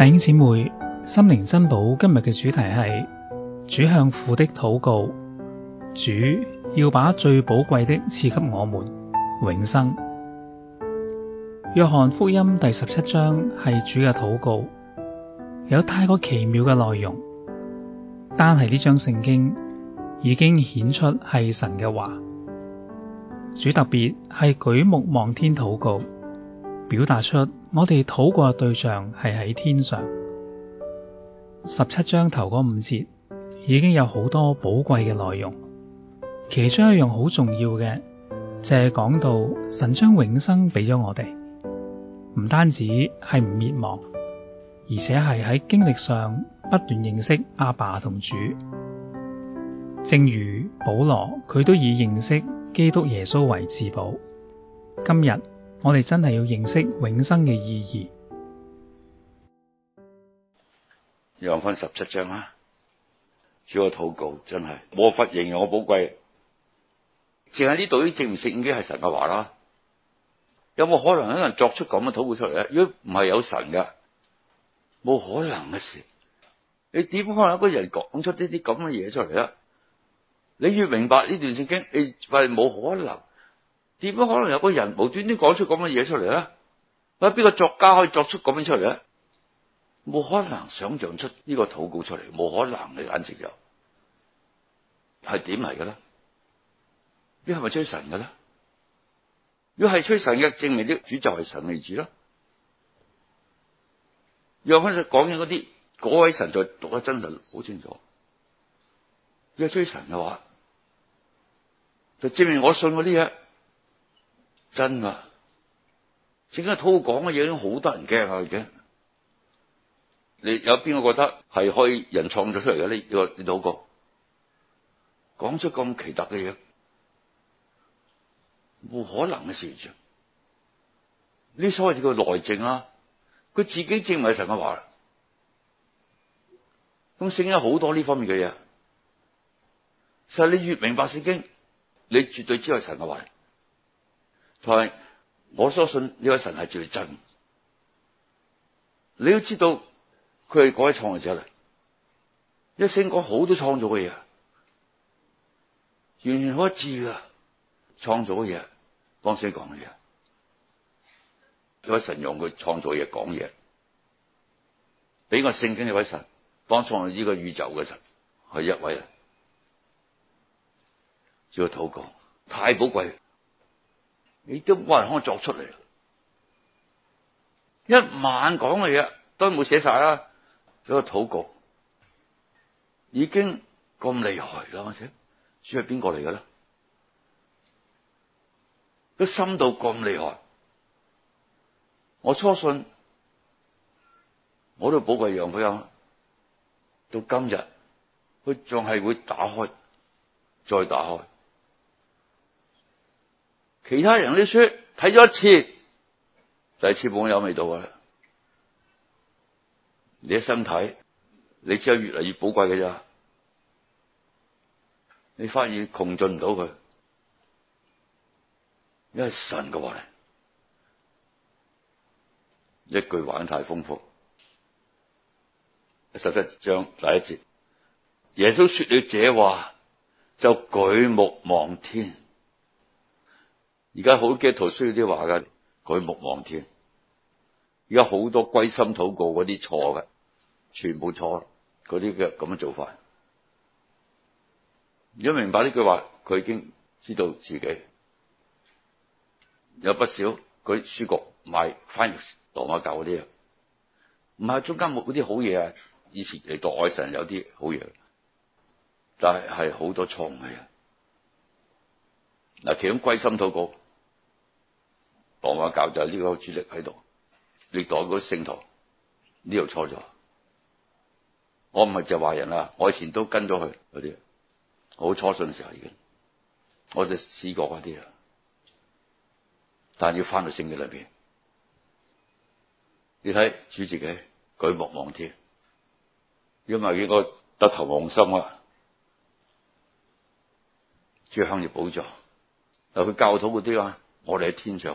弟兄姊妹，心靈珍寶今日嘅主題係主向父的禱告，主要把最寶貴的賜給我們永生。約翰福音第十七章係主嘅禱告，有太過奇妙嘅內容，但係呢章聖經已經顯出係神嘅話。主特別係舉目望天禱告。表達出我哋禱過嘅對象係喺天上。十七章頭嗰五節已經有好多寶貴嘅內容，其中一樣好重要嘅就係、是、講到神將永生俾咗我哋，唔單止係唔滅亡，而且係喺經歷上不斷認識阿爸同主。正如保羅，佢都以認識基督耶穌為至寶。今日。我哋真係要認識永生嘅意義。約翰十七章啦，主嘅禱告真係冇法形容我寶貴。淨係呢段經證明聖經係神嘅話啦，有冇可能有人作出咁嘅禱告出嚟咧？如果唔係有神嘅，冇可能嘅事。你點可能一個人講出，出呢啲咁嘅嘢出嚟咧？你要明白呢段聖經，你話係冇可能。點樣可能有個人無端端講出咁嘅嘢出嚟咧？啊，邊個作家可以作出咁樣出嚟咧？冇可能想象出呢個禱告出嚟，冇可能嘅簡直就係點嚟嘅啦？你係咪吹神嘅咧？如果係吹神嘅，證明啲主就係神嚟主咯。若果佢講緊嗰啲嗰位神在讀得真實好清楚，要吹神嘅話，就證明我信嗰啲嘢。真啊！整佳滔講嘅嘢都好多人驚下嘅。你有邊個覺得係可以人創作出嚟嘅？你你老哥講出咁奇特嘅嘢，冇可能嘅事情。呢所謂叫內證啊，佢自己證埋神阿華。咁剩咗好多呢方面嘅嘢。實你越明白《聖經》，你絕對知道神阿華。佢係我相信呢位神係最真，你要知道佢係嗰位創造者嚟，一聖經講好多創造嘅嘢，完全可治噶，創造嘅嘢，剛才講嘅嘢，呢位神用佢創造嘢講嘢，俾個聖經呢位神，創創呢個宇宙嘅神係一位啦，要禱告，太寶貴。你都冇人可以作出嚟，一晚講嘅嘢都冇寫晒啦，一個禱告已經咁厲害啦，而且主係邊個嚟嘅咧？都深度咁厲害，我初信，我都寶貴楊開香，到今日佢仲係會打開，再打開。其他人的書睇咗一次，第二次冇有味道啦。你一生睇，你只有越嚟越寶貴嘅咋？你發現窮盡唔到佢，因為神嘅話嚟，一句話太豐富。第十七章第一節，耶穌說了這話，就舉目望天。而家好基督徒需要啲話噶，佢目望天。而家好多歸心禱告嗰啲錯嘅，全部錯。佢啲嘅咁樣做法，如果明白呢句話，佢已經知道自己有不少。佢書局賣翻譯羅馬教嗰啲唔係中間冇嗰啲好嘢啊。以前嚟讀愛神有啲好嘢，但係係好多錯嘅。嗱，其中歸心禱告。羅馬教就係、是、呢個主力喺度，歷代嗰啲聖徒呢度錯咗。我唔係就話人啦，我以前都跟咗佢。嗰啲，好初信嘅時候已經，我就試過嗰啲啊。但係要翻到聖經裏邊，你睇主自己舉目望天，因為應該得頭望心啊，最向要寶助。嗱佢教徒嗰啲啊，我哋喺天上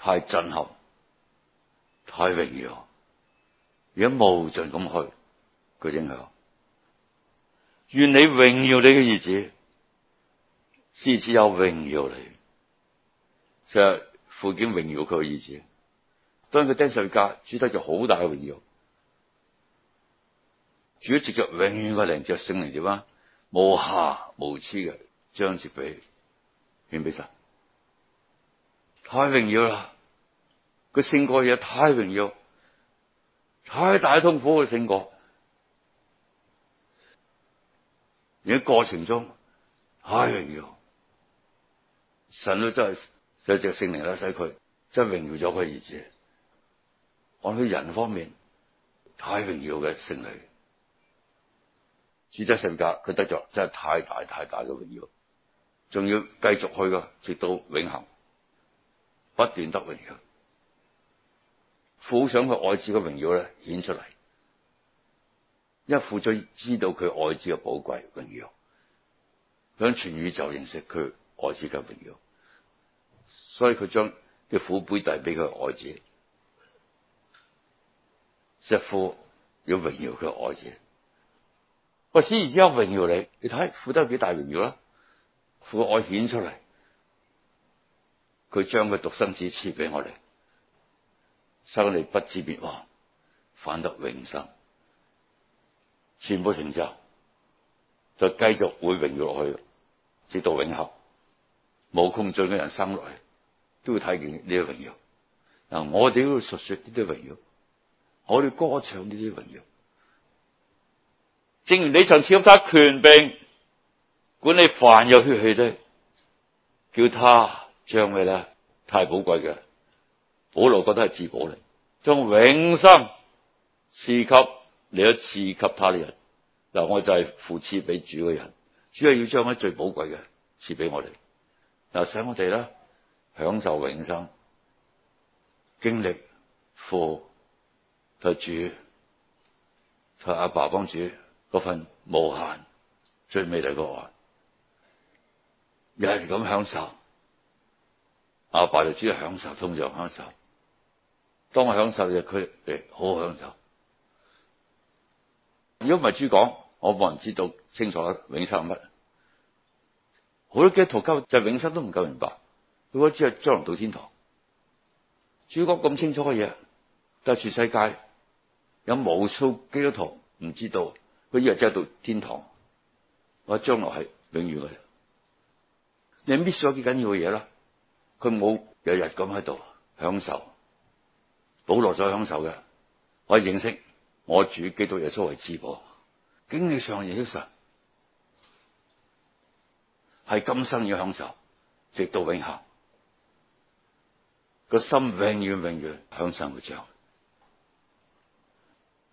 太震撼，太榮耀，如果無盡咁去佢影響。願你榮耀你嘅兒子，先至有榮耀你，就係父親榮耀佢嘅兒子。當佢登上架，主得咗好大嘅榮耀，主一直着永遠嘅靈着聖靈點啊，無瑕無疵嘅將住俾獻俾神。太榮耀啦！佢勝過嘢，太榮耀，太大痛苦嘅勝過。而喺過程中，太榮耀，神都真係就只聖靈啦，使佢真係榮耀咗佢兒子。我喺人方面，太榮耀嘅勝利，主德性格佢得咗真係太大太大嘅榮耀，仲要繼續去噶，直到永恆。不斷得榮耀，父想佢愛子嘅榮耀咧顯出嚟，因為父最知道佢愛子嘅寶貴榮耀，響全宇宙認識佢愛子嘅榮耀，所以佢將啲苦杯帶俾佢愛子，實父要榮耀佢愛子，我先而家榮耀你，你睇父得有幾大榮耀啦，父愛顯出嚟。佢將佢獨生子賜俾我哋，生離不至滅亡，反得永生。全部成就，就繼續會榮耀落去，直到永合。冇空盡嘅人生來，都要睇見呢啲榮耀。嗱，我哋都要述說呢啲榮耀，我哋歌唱呢啲榮耀。正如你曾賜給祂權柄，管理凡有血氣的，叫他。將咪咧太寶貴嘅，保羅覺得係至寶嚟，將永生賜給你一賜給他嘅人嗱，我就係父賜俾主嘅人，主係要將啲最寶貴嘅賜俾我哋，嗱，使我哋咧享受永生，經歷父同主同阿爸幫主嗰份無限最美麗個愛，又係咁享受。阿爸，爸就主要享受，通常享受。當我享受就佢，誒，好好享受。如果唔係主講，我冇人知道清楚永生乜。好多基督徒教就是，永生都唔夠明白，如果只係將來到天堂。主講咁清楚嘅嘢，但係全世界有無數基督徒唔知道，佢以為只係到天堂。我將來係永遠嘅，你 miss 咗幾緊要嘅嘢啦。佢冇日日咁喺度享受，保羅所享受嘅，我認識我主基督耶穌為至寶，經歷上耶穌神係今生要享受，直到永恒，個心永遠永遠享受佢着。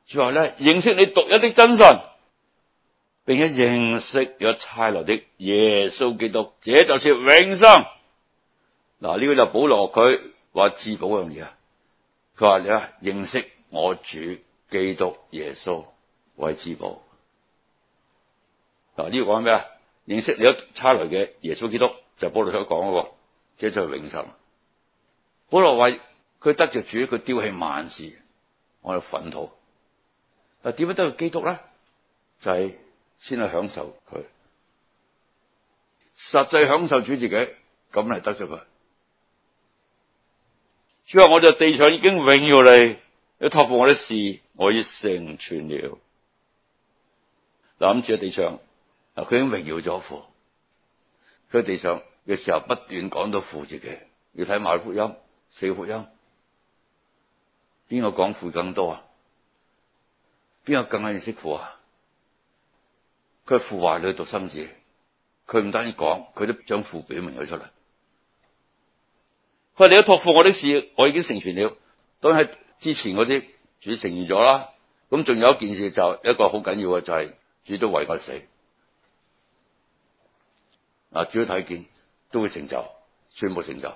最後咧，認識你獨一的真神，並且認識所差來的耶穌基督，這就是永生。嗱，呢個就保羅佢話至寶」嗰樣嘢，佢話你啊，認識我主基督耶穌為至寶。嗱、這、呢個講咩啊？認識你差來嘅耶穌基督就是、保羅想講嗰個，即係永生。保羅話佢得着主，佢丟棄萬事，我喺糞土。啊，點樣得着基督咧？就係、是、先去享受佢，實際享受主自己，咁嚟得咗佢。主話我哋地上已經榮耀你，你託付我啲事，我已成全了。諗住喺地上，佢已經榮耀咗父。佢喺地上嘅時候不斷講到父字嘅，你睇埋福音四福音，邊個講父咁多啊？邊個更加認識父啊？佢父懷裏獨生子，佢唔單止講，佢都將父表明咗出嚟。佢哋一託付我啲事，我已經成全了。當係之前嗰啲主已成全咗啦。咁仲有一件事就一個好緊要嘅，就係主都為我死。嗱，主都睇見都會成就，全部成就。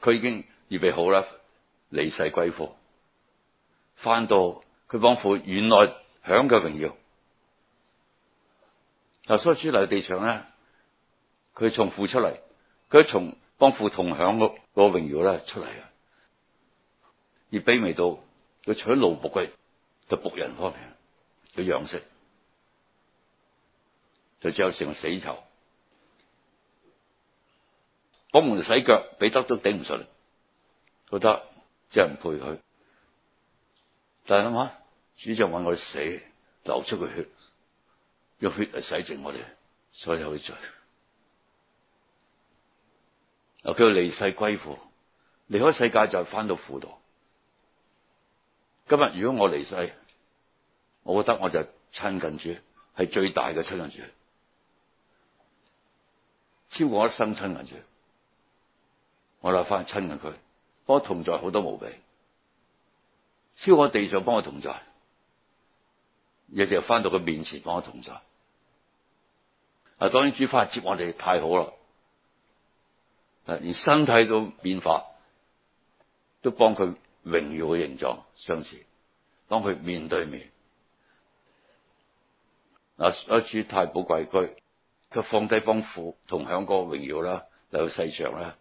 佢已經預備好啦，離世歸父，翻到佢幫父原來享嘅榮耀。所以主嚟地上咧，佢從父出嚟，佢從。幫父同享個個榮耀咧出嚟啊！而卑微到佢取咗勞僕嘅，就僕人方面嘅樣式，就只有成為死囚。幫門洗腳，彼得都頂唔順，覺得即係唔配佢。但係諗下，主將搵我死，流出個血，用血嚟洗淨我哋所有嘅罪。啊！佢話離世歸父，離開世界就係翻到父度。今日如果我離世，我覺得我就親近主，係最大嘅親近主。超過我一生親近主，我嚟，翻親近佢，幫我同在好多無微，超過地上幫我同在，有時候翻到佢面前幫我同在。啊！當然主翻嚟接我哋太好啦。啊！連身體都變化，都幫佢榮耀嘅形狀相似。當佢面對面，嗱一住太寶貴居，佢放低幫父同享嗰個榮耀啦，嚟到世上啦，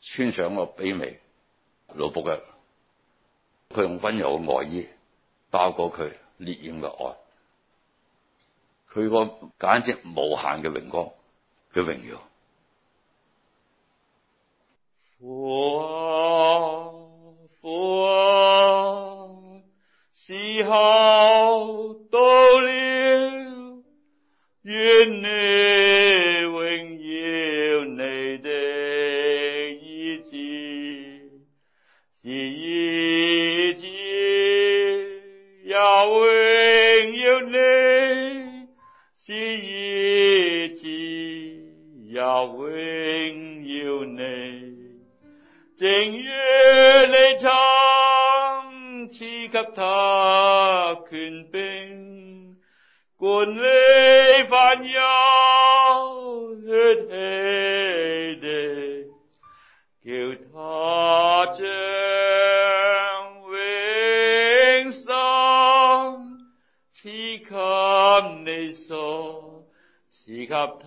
穿上個卑微老僕嘅，佢用溫柔嘅外衣包裹佢烈焰嘅愛，佢個簡直無限嘅榮光嘅榮耀。我父啊，父啊，時候到了，願你榮耀。他權柄管理凡有血氣的，叫他將永生，賜給你所，賜給他。